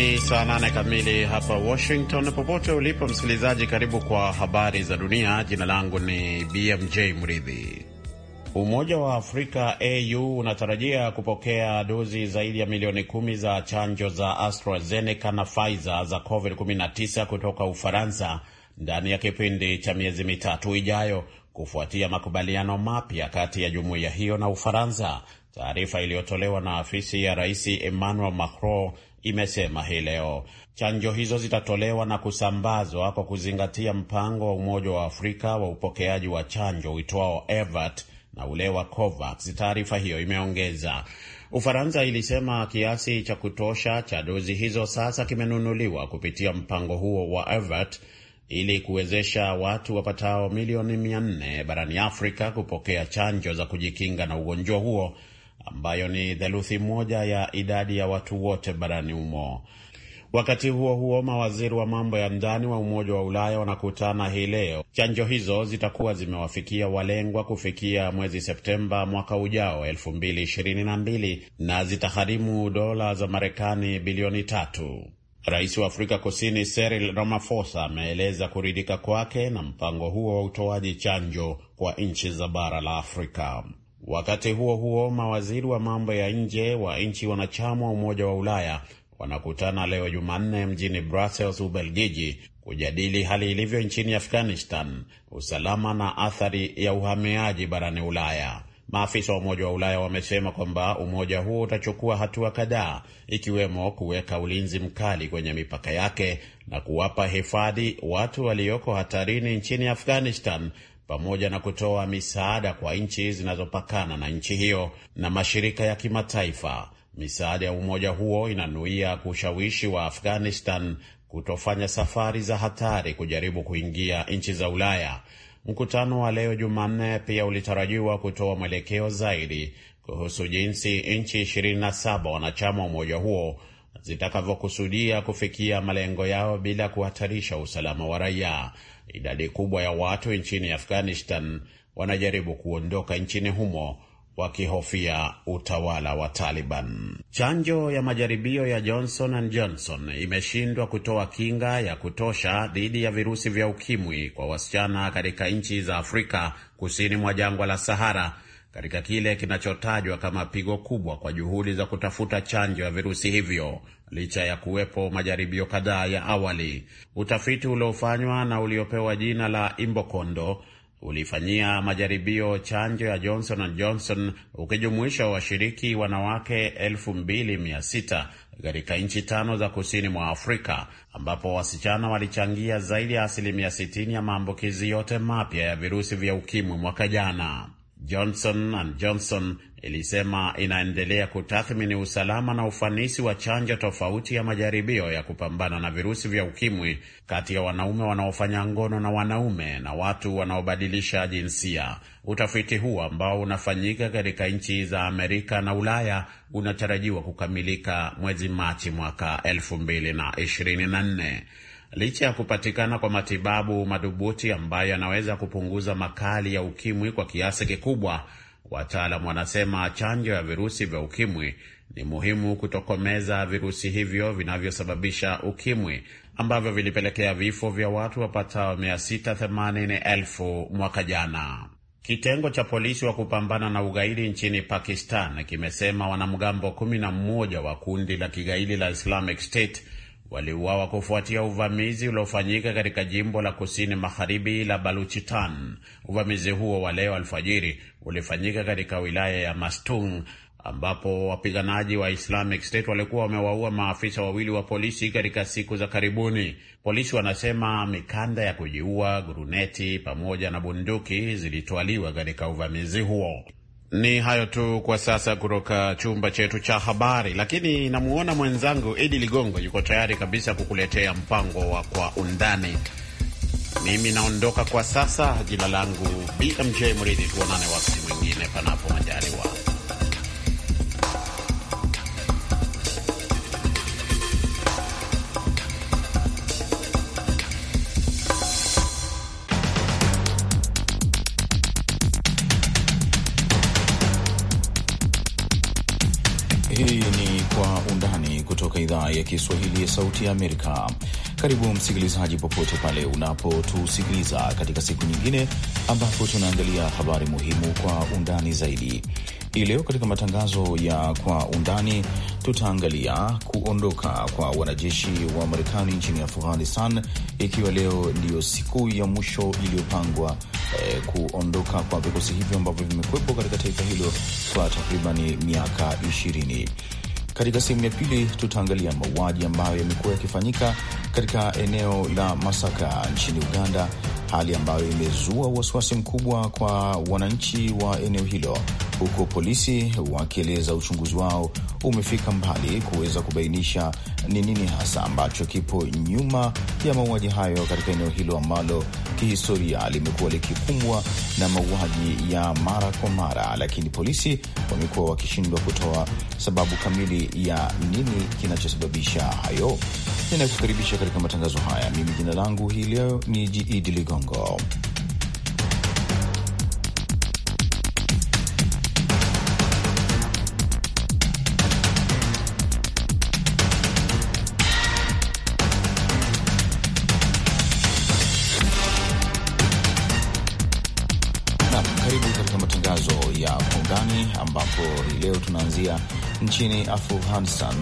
Ni saa nane kamili hapa Washington. Popote ulipo msikilizaji, karibu kwa habari za dunia. Jina langu ni BMJ Mridhi. Umoja wa Afrika AU unatarajia kupokea dozi zaidi ya milioni kumi za chanjo za AstraZeneca na Pfizer za COVID-19 kutoka Ufaransa ndani ya kipindi cha miezi mitatu ijayo kufuatia makubaliano mapya kati ya jumuiya hiyo na Ufaransa. Taarifa iliyotolewa na afisi ya Rais Emmanuel Macron imesema hii leo. Chanjo hizo zitatolewa na kusambazwa kwa kuzingatia mpango wa Umoja wa Afrika wa upokeaji wa chanjo uitwao EVAT na ule wa COVAX, taarifa hiyo imeongeza. Ufaransa ilisema kiasi cha kutosha cha dozi hizo sasa kimenunuliwa kupitia mpango huo wa EVAT ili kuwezesha watu wapatao milioni mia barani Afrika kupokea chanjo za kujikinga na ugonjwa huo ambayo ni theluthi moja ya idadi ya watu wote barani humo. Wakati huo huo, mawaziri wa mambo ya ndani wa Umoja wa Ulaya wanakutana hii leo. Chanjo hizo zitakuwa zimewafikia walengwa kufikia mwezi Septemba mwaka ujao 2022 na zitagharimu dola za Marekani bilioni tatu. Rais wa Afrika Kusini Cyril Ramaphosa ameeleza kuridhika kwake na mpango huo wa utoaji chanjo kwa nchi za bara la Afrika. Wakati huo huo, mawaziri wa mambo ya nje wa nchi wanachama wa Umoja wa Ulaya wanakutana leo Jumanne mjini Brussels, Ubelgiji, kujadili hali ilivyo nchini Afghanistan, usalama na athari ya uhamiaji barani Ulaya. Maafisa wa Umoja wa Ulaya wamesema kwamba umoja huo utachukua hatua kadhaa, ikiwemo kuweka ulinzi mkali kwenye mipaka yake na kuwapa hifadhi watu walioko hatarini nchini Afghanistan pamoja na kutoa misaada kwa nchi zinazopakana na nchi hiyo na mashirika ya kimataifa. Misaada ya umoja huo inanuia kushawishi wa Afghanistan kutofanya safari za hatari kujaribu kuingia nchi za Ulaya. Mkutano wa leo Jumanne pia ulitarajiwa kutoa mwelekeo zaidi kuhusu jinsi nchi 27 wanachama wa umoja huo zitakavyokusudia kufikia malengo yao bila kuhatarisha usalama wa raia. Idadi kubwa ya watu nchini Afghanistan wanajaribu kuondoka nchini humo wakihofia utawala wa Taliban. Chanjo ya majaribio ya Johnson and Johnson imeshindwa kutoa kinga ya kutosha dhidi ya virusi vya ukimwi kwa wasichana katika nchi za Afrika kusini mwa jangwa la Sahara katika kile kinachotajwa kama pigo kubwa kwa juhudi za kutafuta chanjo ya virusi hivyo licha ya kuwepo majaribio kadhaa ya awali. Utafiti uliofanywa na uliopewa jina la Imbokondo ulifanyia majaribio chanjo ya Johnson and Johnson ukijumuisha washiriki wanawake 2600 katika nchi tano za kusini mwa Afrika ambapo wasichana walichangia zaidi ya asilimia 60 ya maambukizi yote mapya ya virusi vya ukimwi mwaka jana. Johnson and Johnson ilisema inaendelea kutathmini usalama na ufanisi wa chanjo tofauti ya majaribio ya kupambana na virusi vya ukimwi kati ya wanaume wanaofanya ngono na wanaume na watu wanaobadilisha jinsia. Utafiti huu ambao unafanyika katika nchi za Amerika na Ulaya unatarajiwa kukamilika mwezi Machi mwaka 2024. Licha ya kupatikana kwa matibabu madhubuti ambayo yanaweza kupunguza makali ya ukimwi kwa kiasi kikubwa, wataalamu wanasema chanjo ya virusi vya ukimwi ni muhimu kutokomeza virusi hivyo vinavyosababisha ukimwi ambavyo vilipelekea vifo vya watu wapatao 680,000 mwaka jana. Kitengo cha polisi wa kupambana na ugaidi nchini Pakistan kimesema wanamgambo 11 wa kundi la kigaidi la Islamic State waliuawa kufuatia uvamizi uliofanyika katika jimbo la kusini magharibi la Baluchistan. Uvamizi huo wa leo alfajiri ulifanyika katika wilaya ya Mastung ambapo wapiganaji wa Islamic State walikuwa wamewaua maafisa wawili wa polisi katika siku za karibuni. Polisi wanasema mikanda ya kujiua, guruneti pamoja na bunduki zilitwaliwa katika uvamizi huo. Ni hayo tu kwa sasa kutoka chumba chetu cha habari, lakini namuona mwenzangu Idi Ligongo yuko tayari kabisa kukuletea mpango wa kwa undani. Mimi naondoka kwa sasa. Jina langu BMJ Mridhi, tuonane wakati mwingine, panapo majaliwa. ya Kiswahili ya Sauti ya Amerika. Karibu msikilizaji, popote pale unapotusikiliza katika siku nyingine ambapo tunaangalia habari muhimu kwa undani zaidi. Hii leo katika matangazo ya Kwa Undani tutaangalia kuondoka kwa wanajeshi wa Marekani nchini Afghanistan, ikiwa leo ndiyo siku ya mwisho iliyopangwa eh, kuondoka kwa vikosi hivyo ambavyo vimekwepo katika taifa hilo kwa takribani miaka ishirini. Katika sehemu ya pili tutaangalia mauaji ambayo yamekuwa yakifanyika katika eneo la Masaka nchini Uganda, hali ambayo imezua wasiwasi mkubwa kwa wananchi wa eneo hilo huku polisi wakieleza uchunguzi wao umefika mbali kuweza kubainisha ni nini hasa ambacho kipo nyuma ya mauaji hayo katika eneo hilo ambalo kihistoria limekuwa likikumbwa na mauaji ya mara kwa mara, lakini polisi wamekuwa wakishindwa kutoa sababu kamili ya nini kinachosababisha hayo. Ninakukaribisha katika matangazo haya. Mimi jina langu hii leo ni Idi Ligongo. matangazo ya kwa undani, ambapo hii leo tunaanzia nchini Afghanistan,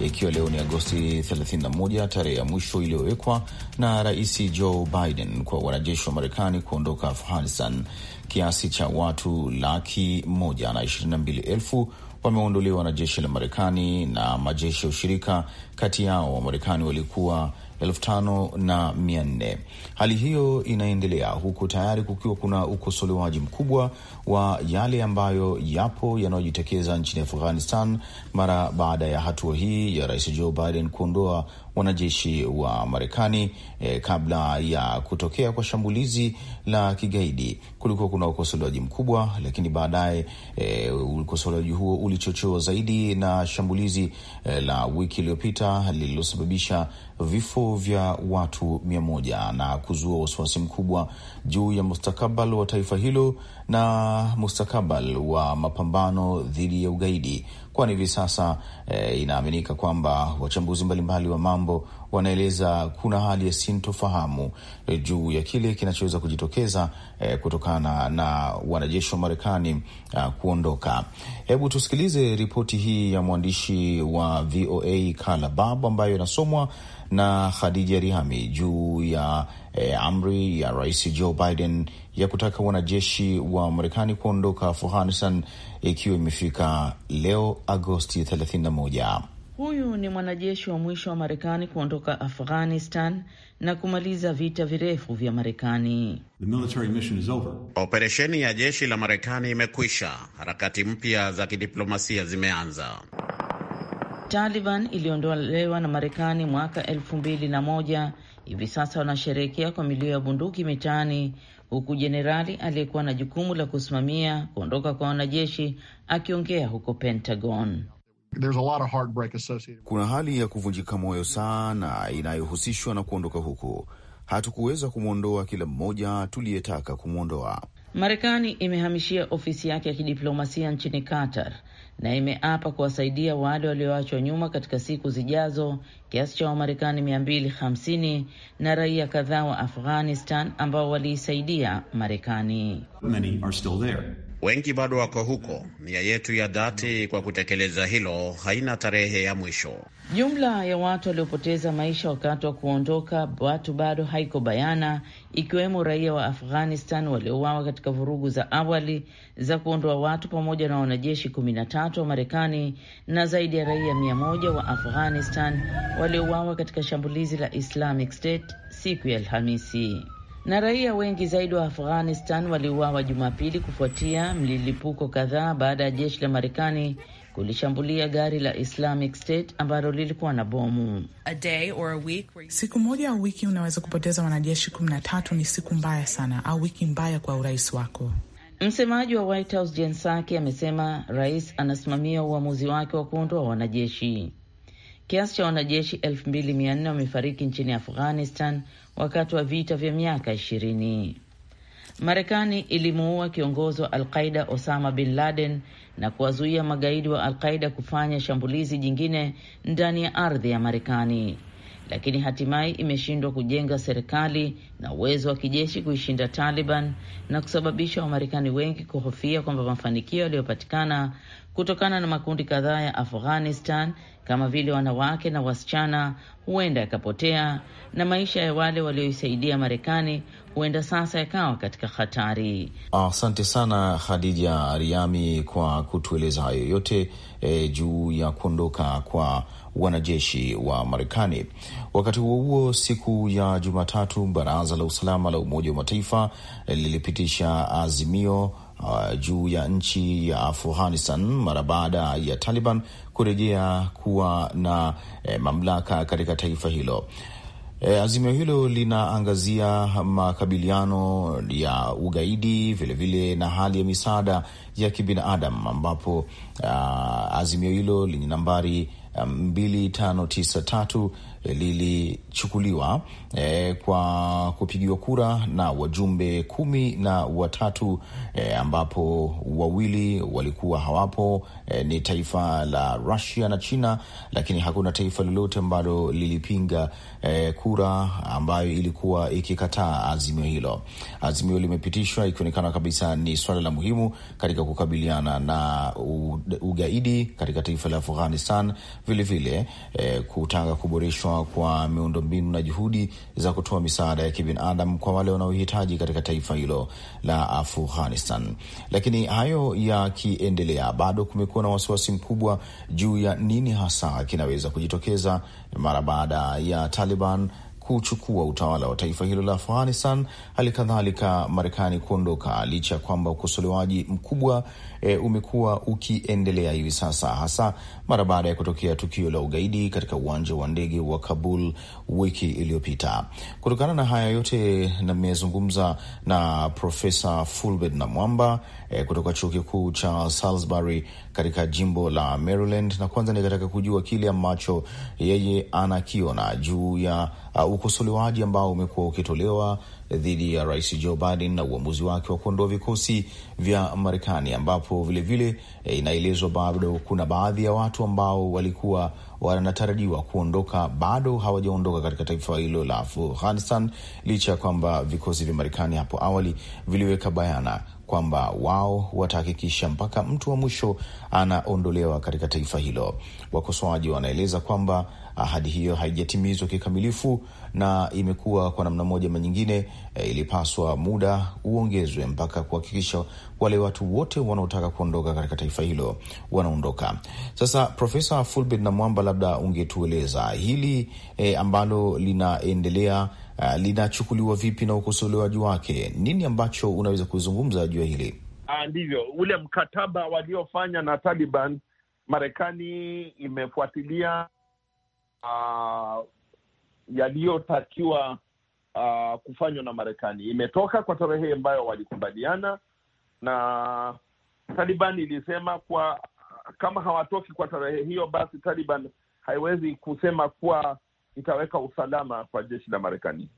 ikiwa leo ni Agosti 31, tarehe ya mwisho iliyowekwa na Rais Joe Biden kwa wanajeshi wa Marekani kuondoka Afghanistan. Kiasi cha watu laki moja na ishirini na mbili elfu wameondolewa na jeshi la Marekani na majeshi ya ushirika. Kati yao Wamarekani walikuwa elfu tano na mia nne. Hali hiyo inaendelea huku tayari kukiwa kuna ukosolewaji mkubwa wa yale ambayo yapo yanayojitokeza nchini Afghanistan mara baada ya hatua hii ya Rais Joe Biden kuondoa wanajeshi wa Marekani eh, kabla ya kutokea kwa shambulizi la kigaidi kulikuwa kuna ukosolewaji mkubwa, lakini baadaye e, ukosolewaji huo ulichochewa zaidi na shambulizi e, la wiki iliyopita lililosababisha vifo vya watu mia moja na kuzua wasiwasi mkubwa juu ya mustakabal wa taifa hilo na mustakabal wa mapambano dhidi ya ugaidi, kwani hivi sasa e, inaaminika kwamba wachambuzi mbalimbali wa mambo wanaeleza kuna hali ya sintofahamu e, juu ya kile kinachoweza kujitokeza e, kutokana na wanajeshi wa Marekani ah, kuondoka. Hebu tusikilize ripoti hii ya mwandishi wa VOA Kalabab ambayo inasomwa na Khadija Rihami juu ya e, amri ya Rais Joe Biden ya kutaka wanajeshi wa Marekani kuondoka Afghanistan ikiwa imefika leo Agosti 31. Huyu ni mwanajeshi wa mwisho wa Marekani kuondoka Afghanistan na kumaliza vita virefu vya Marekani. Operesheni ya jeshi la Marekani imekwisha, harakati mpya za kidiplomasia zimeanza. Taliban iliondolewa na Marekani mwaka elfu mbili na moja. Hivi sasa wanasherehekea kwa milio ya bunduki mitaani, huku jenerali aliyekuwa na jukumu la kusimamia kuondoka kwa wanajeshi akiongea huko Pentagon. There's a lot of heartbreak associated. Kuna hali ya kuvunjika moyo sana inayohusishwa na kuondoka huku. Hatukuweza kumwondoa kila mmoja tuliyetaka kumwondoa. Marekani imehamishia ofisi yake ya kidiplomasia nchini Qatar na imeapa kuwasaidia wale walioachwa nyuma katika siku zijazo, kiasi cha Wamarekani 250 na raia kadhaa wa Afghanistan ambao waliisaidia Marekani. Many are still there. Wengi bado wako huko. Nia yetu ya dhati kwa kutekeleza hilo haina tarehe ya mwisho. Jumla ya watu waliopoteza maisha wakati wa kuondoka watu bado haiko bayana, ikiwemo raia wa Afghanistan waliouawa katika vurugu za awali za kuondoa watu pamoja na wanajeshi kumi na tatu wa Marekani na zaidi ya raia mia moja wa Afghanistan waliouawa katika shambulizi la Islamic State siku ya Alhamisi na raia wengi zaidi wa Afghanistan waliuawa Jumapili kufuatia mlilipuko kadhaa baada ya jeshi la Marekani kulishambulia gari la Islamic State ambalo lilikuwa na bomu. Siku moja au wiki unaweza kupoteza wanajeshi kumi na tatu. Ni siku mbaya sana, au wiki mbaya kwa urais wako. Msemaji wa White House Jen Psaki amesema rais anasimamia uamuzi wake wa kuondoa wanajeshi. Kiasi cha wanajeshi elfu mbili mia nne wamefariki nchini Afghanistan wakati wa vita vya miaka ishirini. Marekani ilimuua kiongozi wa Alqaida Osama bin Laden na kuwazuia magaidi wa Alqaida kufanya shambulizi jingine ndani ya ardhi ya Marekani, lakini hatimaye imeshindwa kujenga serikali na uwezo wa kijeshi kuishinda Taliban na kusababisha Wamarekani wengi kuhofia kwamba mafanikio yaliyopatikana kutokana na makundi kadhaa ya Afghanistan kama vile wanawake na wasichana huenda yakapotea na maisha ya wale walioisaidia Marekani huenda sasa yakawa katika hatari. Asante sana Khadija Riami kwa kutueleza hayo yote e, juu ya kuondoka kwa wanajeshi wa Marekani. Wakati huo huo, siku ya Jumatatu, baraza la usalama la Umoja wa Mataifa e, lilipitisha azimio uh, juu ya nchi ya Afghanistan mara baada ya Taliban kurejea kuwa na eh, mamlaka katika taifa hilo. E, azimio hilo linaangazia makabiliano ya ugaidi vilevile vile na hali ya misaada ya kibinadamu ambapo uh, azimio hilo lenye nambari um, tatu lilichukuliwa e, kwa kupigiwa kura na wajumbe kumi na watatu e, ambapo wawili walikuwa hawapo e, ni taifa la Russia na China, lakini hakuna taifa lolote ambalo lilipinga e, kura ambayo ilikuwa ikikataa azimio hilo. Azimio limepitishwa ikionekana kabisa ni swala la muhimu katika kukabiliana na ugaidi katika taifa la Afghanistan, vilevile e, kutaka kuboreshwa kwa miundombinu na juhudi za kutoa misaada ya kibinadamu kwa wale wanaohitaji katika taifa hilo la Afghanistan. Lakini hayo yakiendelea, bado kumekuwa na wasiwasi mkubwa juu ya nini hasa kinaweza kujitokeza mara baada ya Taliban kuchukua utawala wa taifa hilo la Afghanistan, hali kadhalika Marekani kuondoka, licha ya kwamba ukosolewaji mkubwa e, umekuwa ukiendelea hivi sasa, hasa mara baada ya kutokea tukio la ugaidi katika uwanja wa ndege wa Kabul wiki iliyopita. Kutokana na haya yote, nimezungumza na Profesa Fulbert Namwamba eh, kutoka chuo kikuu cha Salisbury katika jimbo la Maryland, na kwanza nikataka kujua kile ambacho yeye anakiona juu ya uh, ukosolewaji ambao umekuwa ukitolewa dhidi ya rais Joe Biden na uamuzi wake wa kuondoa vikosi vya Marekani, ambapo vilevile e, inaelezwa bado kuna baadhi ya watu ambao walikuwa wanatarajiwa kuondoka bado hawajaondoka katika taifa hilo la Afghanistan, licha ya kwamba vikosi vya Marekani hapo awali viliweka bayana kwamba wao watahakikisha mpaka mtu wa mwisho anaondolewa katika taifa hilo. Wakosoaji wanaeleza kwamba ahadi hiyo haijatimizwa kikamilifu na imekuwa kwa namna moja ama nyingine. E, ilipaswa muda uongezwe mpaka kuhakikisha wale watu wote wanaotaka kuondoka katika taifa hilo wanaondoka. Sasa Profesa Fulbert na Mwamba, labda ungetueleza hili e, ambalo linaendelea Uh, linachukuliwa vipi na ukosolewaji wake? Nini ambacho unaweza kuzungumza juu ya hili? Ah, ndivyo ule mkataba waliofanya na Taliban, Marekani imefuatilia uh, yaliyotakiwa uh, kufanywa na Marekani. Imetoka kwa tarehe ambayo walikubaliana na Taliban ilisema kwa kama hawatoki kwa tarehe hiyo, basi Taliban haiwezi kusema kuwa itaweka usalama kwa jeshi la Marekani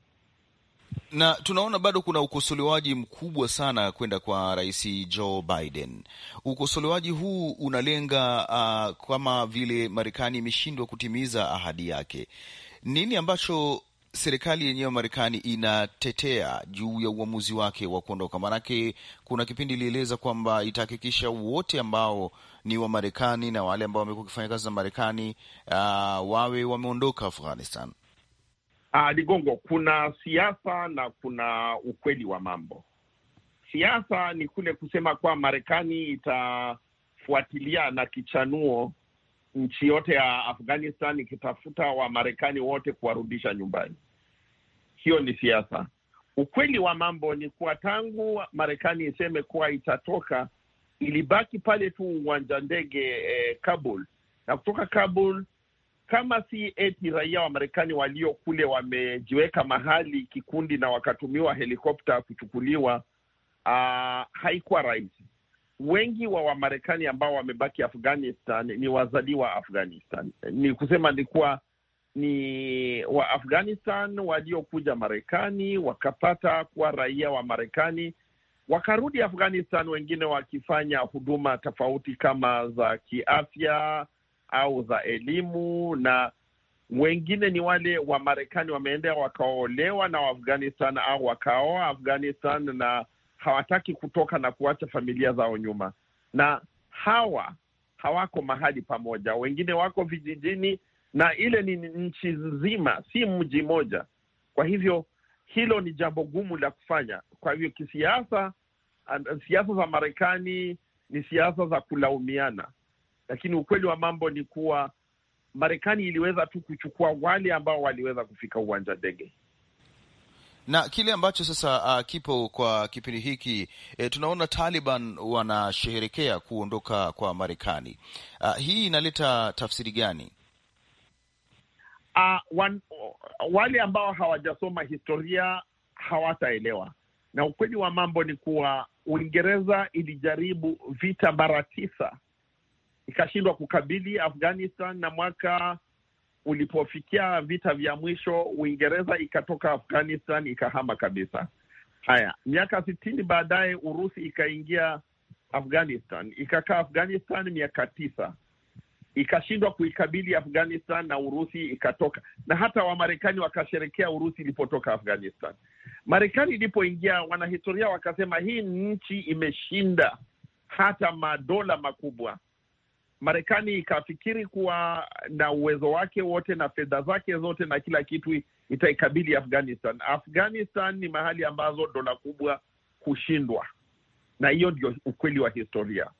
na tunaona bado kuna ukosolewaji mkubwa sana kwenda kwa Rais Joe Biden. Ukosolewaji huu unalenga uh, kama vile Marekani imeshindwa kutimiza ahadi yake. Nini ambacho serikali yenyewe Marekani inatetea juu ya uamuzi wake wa kuondoka? Maanake kuna kipindi ilieleza kwamba itahakikisha wote ambao ni wa Marekani na wale ambao wamekuwa wakifanya kazi za Marekani uh, wawe wameondoka Afghanistan uh, Ligongo, kuna siasa na kuna ukweli wa mambo. Siasa ni kule kusema kuwa Marekani itafuatilia na kichanuo nchi yote ya Afghanistan ikitafuta Wamarekani wote kuwarudisha nyumbani. Hiyo ni siasa. Ukweli wa mambo ni kuwa tangu Marekani iseme kuwa itatoka, ilibaki pale tu uwanja ndege eh, Kabul, na kutoka Kabul kama si eti raia wa Marekani walio kule wamejiweka mahali kikundi na wakatumiwa helikopta kuchukuliwa, uh, haikuwa rahisi. Wengi wa Wamarekani ambao wamebaki Afghanistan ni wazaliwa Afghanistan, ni kusema ni kuwa ni wa Afghanistan waliokuja Marekani wakapata kuwa raia wa Marekani wakarudi Afghanistan, wengine wakifanya huduma tofauti kama za kiafya au za elimu, na wengine ni wale wa Marekani wameendea wakaolewa na Waafghanistan au wakaoa Afghanistan na hawataki kutoka na kuacha familia zao nyuma, na hawa hawako mahali pamoja, wengine wako vijijini, na ile ni nchi nzima, si mji moja Kwa hivyo hilo ni jambo gumu la kufanya. Kwa hivyo kisiasa, siasa za Marekani ni siasa za kulaumiana lakini ukweli wa mambo ni kuwa Marekani iliweza tu kuchukua wale ambao waliweza kufika uwanja ndege na kile ambacho sasa uh, kipo kwa kipindi hiki e, tunaona Taliban wanasheherekea kuondoka kwa Marekani. Uh, hii inaleta tafsiri gani? Uh, wan, wale ambao hawajasoma historia hawataelewa, na ukweli wa mambo ni kuwa Uingereza ilijaribu vita mara tisa ikashindwa kukabili Afghanistan, na mwaka ulipofikia vita vya mwisho Uingereza ikatoka Afghanistan ikahama kabisa. Haya, miaka sitini baadaye Urusi ikaingia Afghanistan, ikakaa Afghanistan miaka tisa ikashindwa kuikabili Afghanistan na Urusi ikatoka, na hata Wamarekani wakasherekea Urusi ilipotoka Afghanistan. Marekani ilipoingia, wanahistoria wakasema hii nchi imeshinda hata madola makubwa Marekani ikafikiri kuwa na uwezo wake wote na fedha zake zote na kila kitu itaikabili Afghanistan. Afghanistan ni mahali ambazo dola kubwa hushindwa, na hiyo ndio ukweli wa historia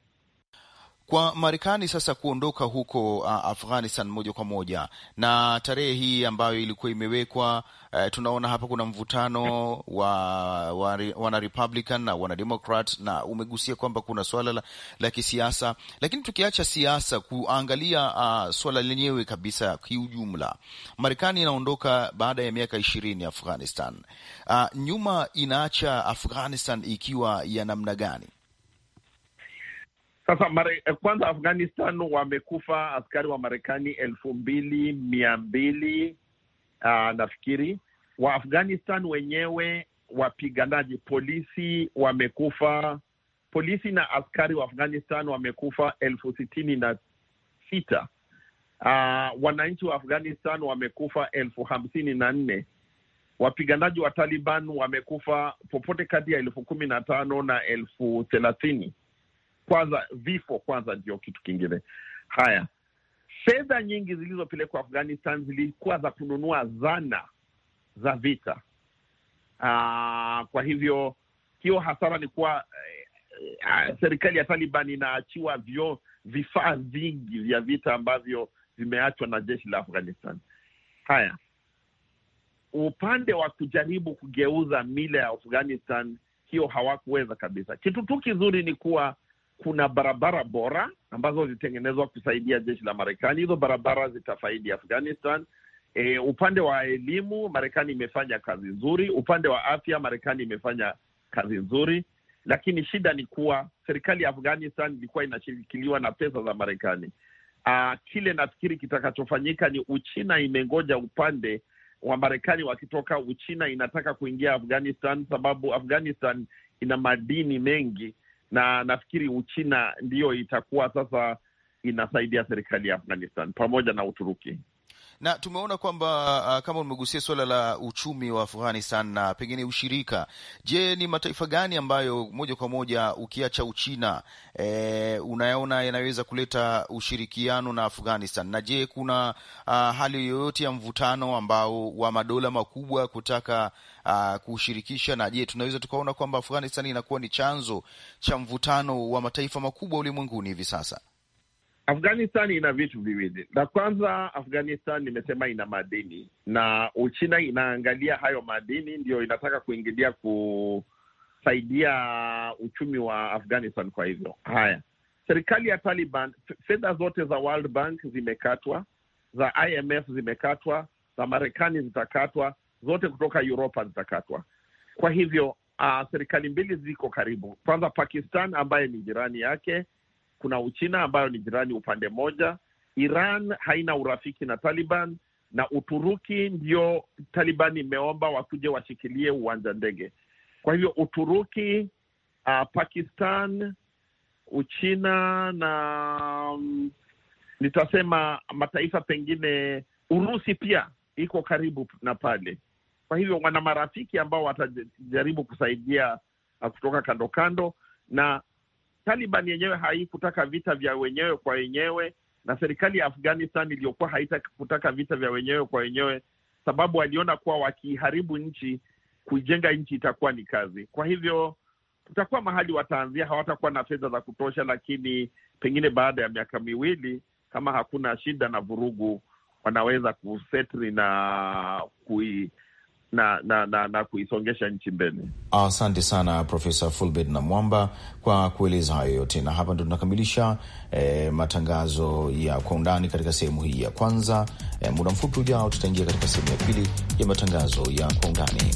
kwa Marekani sasa kuondoka huko uh, Afghanistan moja kwa moja na tarehe hii ambayo ilikuwa imewekwa. Uh, tunaona hapa kuna mvutano wa, wa wana Republican na wanademokrat na umegusia kwamba kuna swala la, la kisiasa, lakini tukiacha siasa kuangalia uh, swala lenyewe kabisa kiujumla, Marekani inaondoka baada ya miaka ishirini Afghanistan. Uh, nyuma inaacha Afghanistan ikiwa ya namna gani? Sasa mare, eh, kwanza Afghanistan wamekufa askari wa Marekani elfu mbili mia mbili uh, nafikiri wa Afghanistan wenyewe wapiganaji polisi wamekufa, polisi na askari wa Afghanistan wamekufa elfu sitini na sita. Uh, wananchi wa Afghanistan wamekufa elfu hamsini na nne. Wapiganaji wa Taliban wamekufa popote kati ya elfu kumi na tano na elfu thelathini kwanza vifo kwanza ndio kitu kingine. Haya, fedha nyingi zilizopelekwa Afghanistan zilikuwa za kununua zana za vita. Aa, ah, kwa hivyo hiyo hasara ni kuwa eh, ah, serikali ya Taliban inaachiwa vyo vifaa vingi vya vita ambavyo vimeachwa na jeshi la Afghanistan. Haya, upande wa kujaribu kugeuza mila ya Afghanistan hiyo hawakuweza kabisa. Kitu tu kizuri ni kuwa kuna barabara bora ambazo zilitengenezwa kusaidia jeshi la Marekani. Hizo barabara zitafaidi Afghanistan. E, upande wa elimu Marekani imefanya kazi nzuri, upande wa afya Marekani imefanya kazi nzuri, lakini shida ni kuwa serikali ya Afghanistan ilikuwa inashirikiliwa na pesa za Marekani. Aa, kile nafikiri kitakachofanyika ni Uchina imengoja upande wa Marekani wakitoka. Uchina inataka kuingia Afghanistan sababu Afghanistan ina madini mengi na nafikiri Uchina ndiyo itakuwa sasa inasaidia serikali ya Afghanistan pamoja na Uturuki na tumeona kwamba uh, kama umegusia suala la uchumi wa Afghanistan na pengine ushirika. Je, ni mataifa gani ambayo moja kwa moja ukiacha Uchina eh, unayaona yanaweza kuleta ushirikiano na Afghanistan? Na je, kuna uh, hali yoyote ya mvutano ambao wa madola makubwa kutaka uh, kushirikisha? Na je, tunaweza tukaona kwamba Afghanistan inakuwa ni chanzo cha mvutano wa mataifa makubwa ulimwenguni hivi sasa? Afghanistan ina vitu viwili. La kwanza, Afghanistan nimesema ina madini na Uchina inaangalia hayo madini, ndio inataka kuingilia kusaidia uchumi wa Afghanistan. Kwa hivyo haya, serikali ya Taliban, fedha zote za World Bank zimekatwa, za IMF zimekatwa, za Marekani zitakatwa, zote kutoka Uropa zitakatwa. Kwa hivyo uh, serikali mbili ziko karibu, kwanza Pakistan ambaye ni jirani yake kuna Uchina ambayo ni jirani upande mmoja, Iran haina urafiki na Taliban na Uturuki ndio Taliban imeomba wakuje washikilie uwanja ndege. Kwa hivyo Uturuki, uh, Pakistan, Uchina na um, nitasema mataifa pengine, Urusi pia iko karibu na pale. Kwa hivyo wana marafiki ambao watajaribu kusaidia uh, kutoka kando kando, na Taliban yenyewe haikutaka vita vya wenyewe kwa wenyewe, na serikali ya Afghanistan iliyokuwa kutaka vita vya wenyewe kwa wenyewe, sababu waliona kuwa wakiharibu nchi, kuijenga nchi itakuwa ni kazi. Kwa hivyo tutakuwa mahali wataanzia, hawatakuwa na fedha za kutosha, lakini pengine baada ya miaka miwili, kama hakuna shida na vurugu, wanaweza kusetri na kui na, na, na, na kuisongesha nchi mbele. Asante sana Profesa Fulbert na Mwamba kwa kueleza hayo yote, na hapa ndo tunakamilisha eh, matangazo ya kwa undani katika sehemu hii ya kwanza. Eh, muda mfupi ujao tutaingia katika sehemu ya pili ya matangazo ya kwa undani.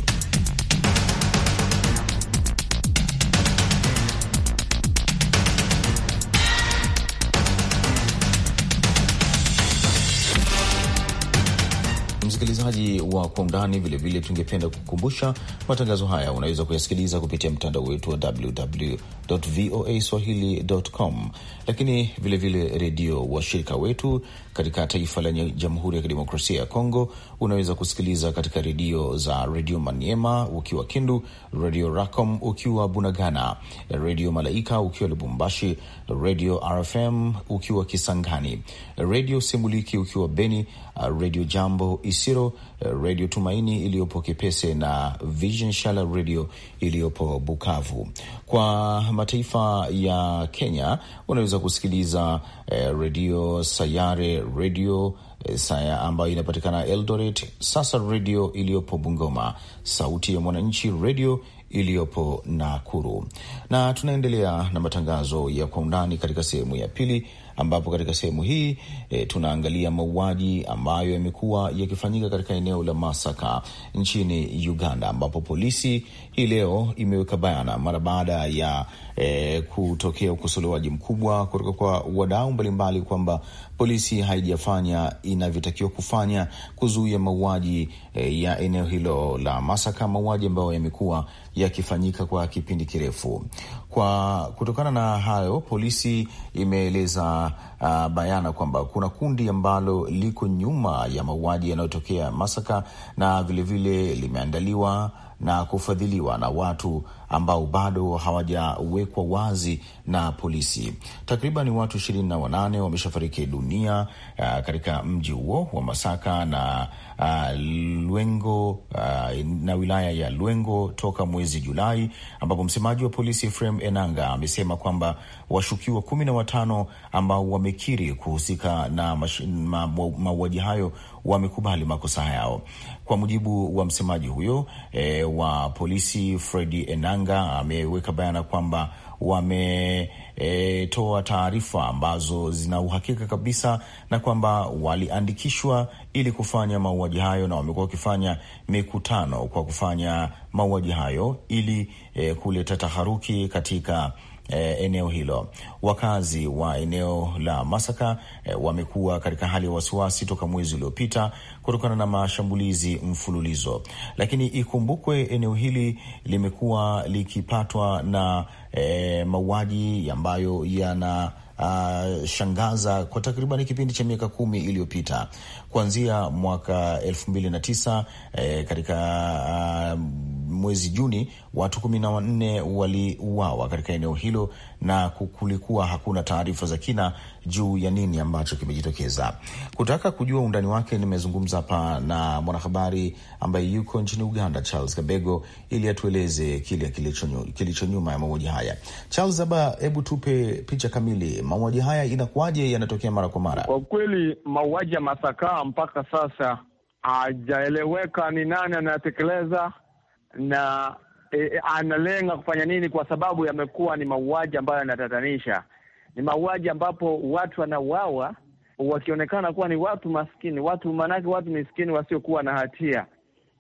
msikilizaji wa Kwa Undani. Vilevile tungependa kukumbusha matangazo haya unaweza kuyasikiliza kupitia mtandao wetu wa www voa swahili.com, lakini vilevile redio washirika wetu katika taifa lenye Jamhuri ya Kidemokrasia ya Kongo unaweza kusikiliza katika redio za Redio Maniema ukiwa Kindu, Redio Racom ukiwa Bunagana, Redio Malaika ukiwa Lubumbashi, Redio RFM ukiwa Kisangani, Redio simuliki ukiwa Beni, Redio Jambo Isiro, Redio Tumaini iliyopo Kipese na Vision Shala Redio iliyopo Bukavu. Kwa mataifa ya Kenya unaweza kusikiliza Eh, redio Sayare redio eh, saya ambayo inapatikana Eldoret, sasa redio iliyopo Bungoma, sauti ya mwananchi redio iliyopo Nakuru, na tunaendelea na matangazo ya kwa undani katika sehemu ya pili ambapo katika sehemu hii e, tunaangalia mauaji ambayo yamekuwa yakifanyika katika eneo la Masaka nchini Uganda, ambapo polisi hii leo imeweka bayana mara baada ya e, kutokea ukosolewaji mkubwa kutoka kwa wadau mbalimbali kwamba polisi haijafanya inavyotakiwa kufanya kuzuia mauaji e, ya eneo hilo la Masaka, mauaji ambayo yamekuwa yakifanyika kwa kipindi kirefu. Kwa kutokana na hayo, polisi imeeleza uh, bayana kwamba kuna kundi ambalo liko nyuma ya mauaji yanayotokea Masaka na vilevile vile limeandaliwa na kufadhiliwa na watu ambao bado hawajawekwa wazi na polisi. Takriban watu ishirini na wanane wameshafariki dunia uh, katika mji huo wa Masaka na uh, Lwengo uh, na wilaya ya Lwengo toka mwezi Julai, ambapo msemaji wa polisi frem Enanga amesema kwamba washukiwa kumi na watano ambao wamekiri kuhusika na mauaji hayo wamekubali makosa yao, kwa mujibu wa msemaji huyo e, wa polisi Fredi Enanga ameweka bayana kwamba wametoa e, taarifa ambazo zina uhakika kabisa na kwamba waliandikishwa ili kufanya mauaji hayo na wamekuwa wakifanya mikutano kwa kufanya mauaji hayo ili e, kuleta taharuki katika eh, eneo hilo. Wakazi wa eneo la Masaka eh, wamekuwa katika hali ya wasiwasi toka mwezi uliopita kutokana na mashambulizi mfululizo, lakini ikumbukwe eneo hili limekuwa likipatwa na eh, mauaji ambayo yana Uh, shangaza kwa takriban kipindi cha miaka kumi iliyopita kuanzia mwaka elfu mbili na tisa eh, katika uh, mwezi Juni watu kumi na wanne waliuawa katika eneo hilo, na kulikuwa hakuna taarifa za kina juu ya nini ambacho kimejitokeza. Kutaka kujua undani wake, nimezungumza hapa na mwanahabari ambaye yuko nchini Uganda, Charles Kabego, ili atueleze kile kilicho nyuma ya mauaji haya. Charles Aba, hebu tupe picha kamili, mauaji haya inakuwaje yanatokea mara kwa mara? Kwa kweli mauaji ya Masaka mpaka sasa hajaeleweka ni nani anayatekeleza na e, e, analenga kufanya nini, kwa sababu yamekuwa ni mauaji ambayo yanatatanisha. Ni mauaji ambapo watu wanauawa wakionekana kuwa ni watu maskini, watu maanake watu miskini wasiokuwa na hatia.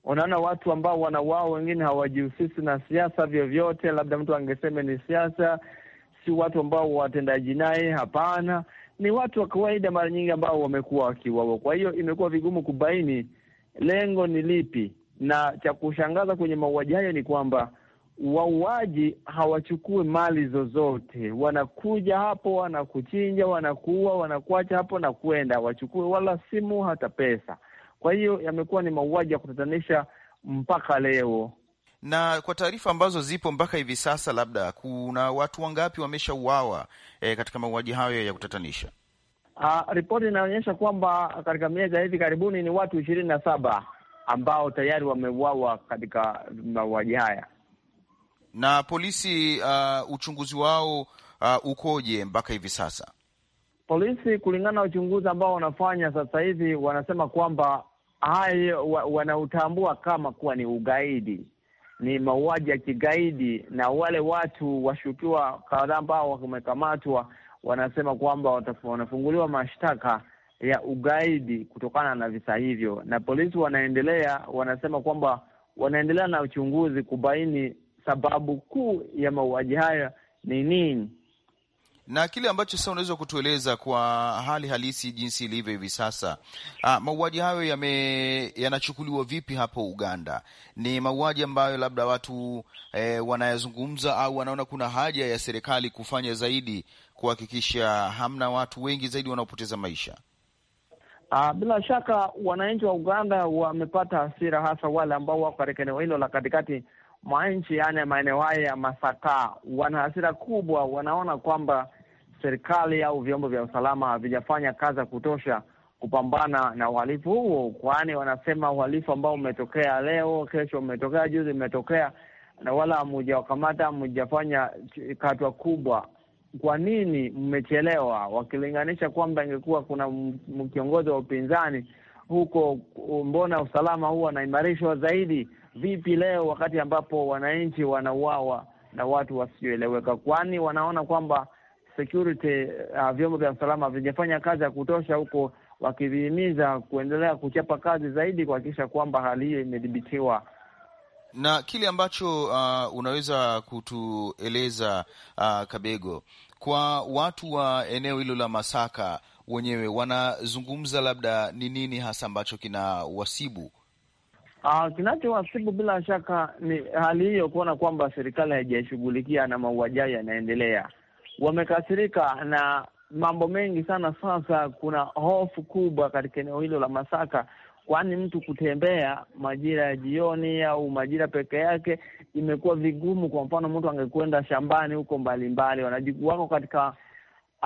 Unaona watu ambao wanauawa, wengine hawajihusisi na siasa vyovyote, labda mtu angeseme ni siasa, si watu ambao watenda jinai, hapana ni watu wa kawaida mara nyingi ambao wamekuwa wakiuawa. Kwa hiyo imekuwa vigumu kubaini lengo ni lipi, na cha kushangaza kwenye mauaji haya ni kwamba wauaji hawachukui mali zozote, wanakuja hapo, wanakuchinja, wanakuua, wanakuacha hapo na kwenda, wachukue wala simu hata pesa. Kwa hiyo yamekuwa ni mauaji ya kutatanisha mpaka leo. Na kwa taarifa ambazo zipo mpaka hivi sasa, labda kuna watu wangapi wameshauawa e, katika mauaji hayo ya kutatanisha? Ah, ripoti inaonyesha kwamba katika miezi ya hivi karibuni ni watu ishirini na saba ambao tayari wameuawa katika mauaji haya. Na polisi uh, uchunguzi wao uh, ukoje mpaka hivi sasa? Polisi kulingana na uchunguzi ambao wanafanya sasa hivi wanasema kwamba hayo wanautambua kama kuwa ni ugaidi, ni mauaji ya kigaidi, na wale watu washukiwa kadhaa ambao wamekamatwa wanasema kwamba wanafunguliwa mashtaka ya ugaidi kutokana na visa hivyo, na polisi wanaendelea wanasema kwamba wanaendelea na uchunguzi kubaini sababu kuu ya mauaji haya ni nini, na kile ambacho sasa unaweza kutueleza kwa hali halisi jinsi ilivyo hivi sasa. Ah, mauaji hayo yame yanachukuliwa vipi hapo Uganda? Ni mauaji ambayo labda watu e, wanayazungumza au wanaona kuna haja ya serikali kufanya zaidi kuhakikisha hamna watu wengi zaidi wanaopoteza maisha? Uh, bila shaka wananchi wa Uganda wamepata hasira, hasa wale ambao wako katika eneo hilo la katikati mwa nchi, yaani maeneo haya ya Masaka. Wana hasira kubwa, wanaona kwamba serikali au vyombo vya usalama havijafanya kazi ya kutosha kupambana na uhalifu huo, kwani wanasema uhalifu ambao umetokea leo, kesho umetokea, juzi umetokea, na wala hamujawakamata, hamujafanya hatua kubwa kwa nini mmechelewa, wakilinganisha kwamba ingekuwa kuna kiongozi wa upinzani huko, mbona usalama huwa wanaimarishwa zaidi? Vipi leo wakati ambapo wananchi wanauawa na watu wasioeleweka? Kwani wanaona kwamba security uh, vyombo vya usalama vijafanya kazi ya kutosha huko, wakivihimiza kuendelea kuchapa kazi zaidi kuhakikisha kwamba hali hiyo imedhibitiwa na kile ambacho uh, unaweza kutueleza uh, Kabego, kwa watu wa eneo hilo la Masaka wenyewe wanazungumza, labda ni nini hasa ambacho kinawasibu? Uh, kinachowasibu bila shaka ni hali hiyo, kuona kwamba serikali haijashughulikia na mauaji yanaendelea. Wamekasirika na mambo mengi sana. Sasa kuna hofu kubwa katika eneo hilo la Masaka kwani mtu kutembea majira ya jioni au majira peke yake imekuwa vigumu. Kwa mfano, mtu angekwenda shambani huko mbalimbali, wanajiku wako katika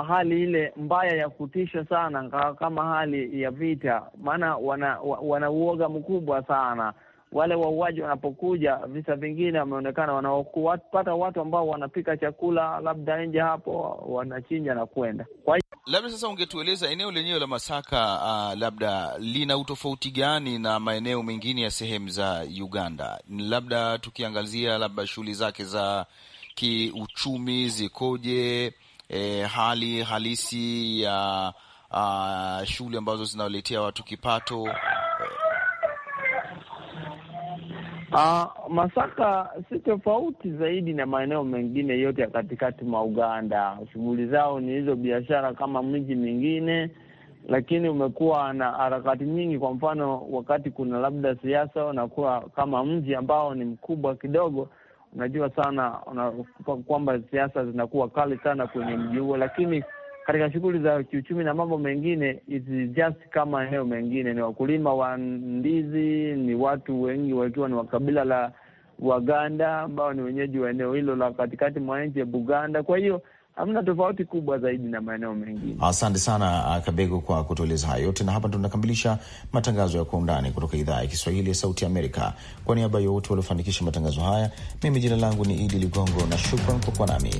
hali ile mbaya ya kutisha sana, kama hali ya vita, maana wana, wana uoga mkubwa sana. Wale wauaji wanapokuja, visa vingine wameonekana wanapata watu ambao wanapika chakula labda nje hapo, wanachinja na kwenda kwa Labda sasa ungetueleza eneo lenyewe la Masaka, uh, labda lina utofauti gani na maeneo mengine ya sehemu za Uganda, labda tukiangazia labda shughuli zake za kiuchumi zikoje, e, hali halisi ya uh, shughuli ambazo zinawaletea watu kipato Uh, Masaka si tofauti zaidi na maeneo mengine yote ya katikati mwa Uganda. Shughuli zao ni hizo biashara kama miji mingine, lakini umekuwa na harakati nyingi. Kwa mfano, wakati kuna labda siasa, unakuwa kama mji ambao ni mkubwa kidogo, unajua sana una, kwamba siasa zinakuwa kali sana kwenye mji huo, lakini katika shughuli za kiuchumi na mambo mengine, it's just kama eneo mengine. Ni wakulima wa ndizi, ni watu wengi wakiwa ni wakabila la Waganda ambao ni wenyeji wa eneo hilo la katikati mwa nchi ya Buganda. Kwa hiyo hamna tofauti kubwa zaidi na maeneo mengine. Asante sana uh, Kabego kwa kutueleza hayo yote, na hapa tunakamilisha matangazo ya Kwa Undani kutoka idhaa ya Kiswahili ya Sauti Amerika. Kwa niaba ya wote waliofanikisha matangazo haya, mimi jina langu ni Idi Ligongo na shukran kwa kuwa nami.